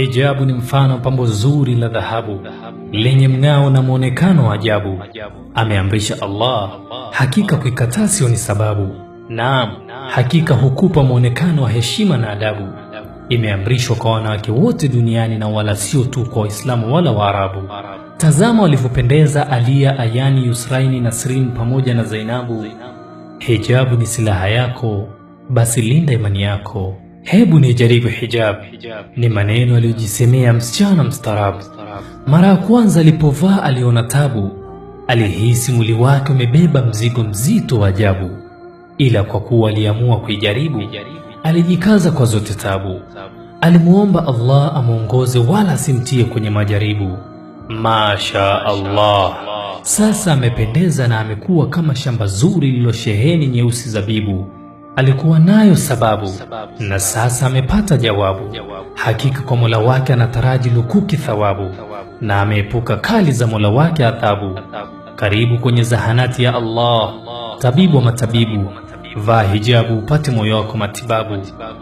Hijabu ni mfano pambo zuri la dhahabu lenye mng'ao na mwonekano wa ajabu. Ameamrisha Allah, hakika kuikataa sio ni sababu. Naam, hakika hukupa mwonekano wa heshima na adabu. Imeamrishwa kwa wanawake wote duniani na wala sio tu kwa Waislamu wala Waarabu. Tazama walivyopendeza Alia, Ayani, Yusraini, Nasrin pamoja na Zainabu. Hijabu ni silaha yako, basi linda imani yako. Hebu nijaribu hijab, ni maneno aliyojisemea msichana mstaarabu. Mara ya kwanza alipovaa aliona tabu, alihisi mwili wake umebeba mzigo mzito wa ajabu, ila kwa kuwa aliamua kuijaribu, alijikaza kwa zote tabu. Alimuomba Allah amwongoze, wala asimtie kwenye majaribu. Masha Allah, sasa amependeza na amekuwa kama shamba zuri lililosheheni nyeusi zabibu. Alikuwa nayo sababu na sasa amepata jawabu. Hakika kwa Mola wake anataraji lukuki thawabu, na ameepuka kali za Mola wake adhabu. Karibu kwenye zahanati ya Allah, tabibu wa matabibu. Vaa hijabu upate moyo wako matibabu.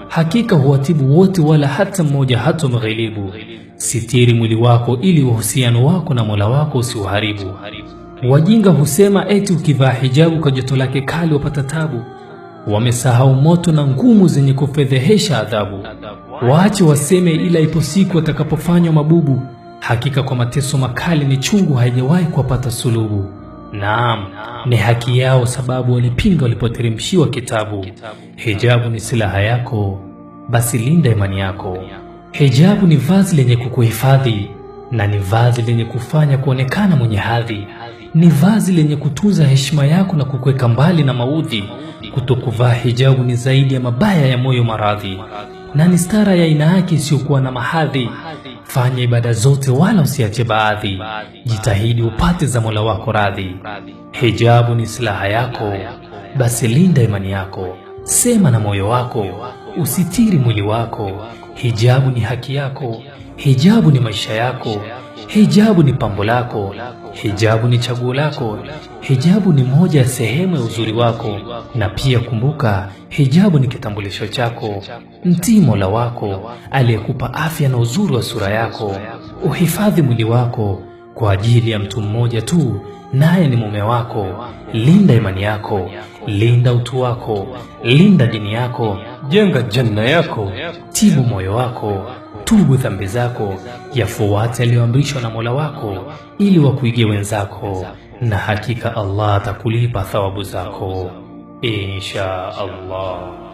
Hakika huwatibu wote, wala hata mmoja hata mghilibu. Sitiri mwili wako ili uhusiano wako na Mola wako usiuharibu. Wajinga husema eti ukivaa hijabu kwa joto lake kali wapata tabu. Wamesahau moto na ngumu zenye kufedhehesha adhabu. Waache waseme, ila ipo siku watakapofanywa mabubu. Hakika kwa mateso makali ni chungu, haijawahi kuwapata sulubu. Naam, ni haki yao, sababu walipinga walipoteremshiwa kitabu. Hijabu ni silaha yako, basi linda imani yako. Hijabu ni vazi lenye kukuhifadhi na ni vazi lenye kufanya kuonekana mwenye hadhi ni vazi lenye kutunza heshima yako na kukweka mbali na maudhi. Kutokuvaa hijabu ni zaidi ya mabaya ya moyo maradhi, na ni stara ya aina yake isiyokuwa na mahadhi. Fanya ibada zote wala usiache baadhi, jitahidi upate za Mola wako radhi. Hijabu ni silaha yako, basi linda imani yako, sema na moyo wako, usitiri mwili wako Hijabu ni haki yako, hijabu ni maisha yako, hijabu ni pambo lako, hijabu ni chaguo lako, hijabu ni moja ya sehemu ya uzuri wako. Na pia kumbuka, hijabu ni kitambulisho chako. Mtii Mola wako aliyekupa afya na uzuri wa sura yako. Uhifadhi mwili wako kwa ajili ya mtu mmoja tu naye ni mume wako. Linda imani yako, linda utu wako, linda dini yako, jenga janna yako, tibu moyo wako, tubu dhambi zako, yafuate yaliyoamrishwa na Mola wako, ili wakuige wenzako, na hakika Allah atakulipa thawabu zako insha Allah.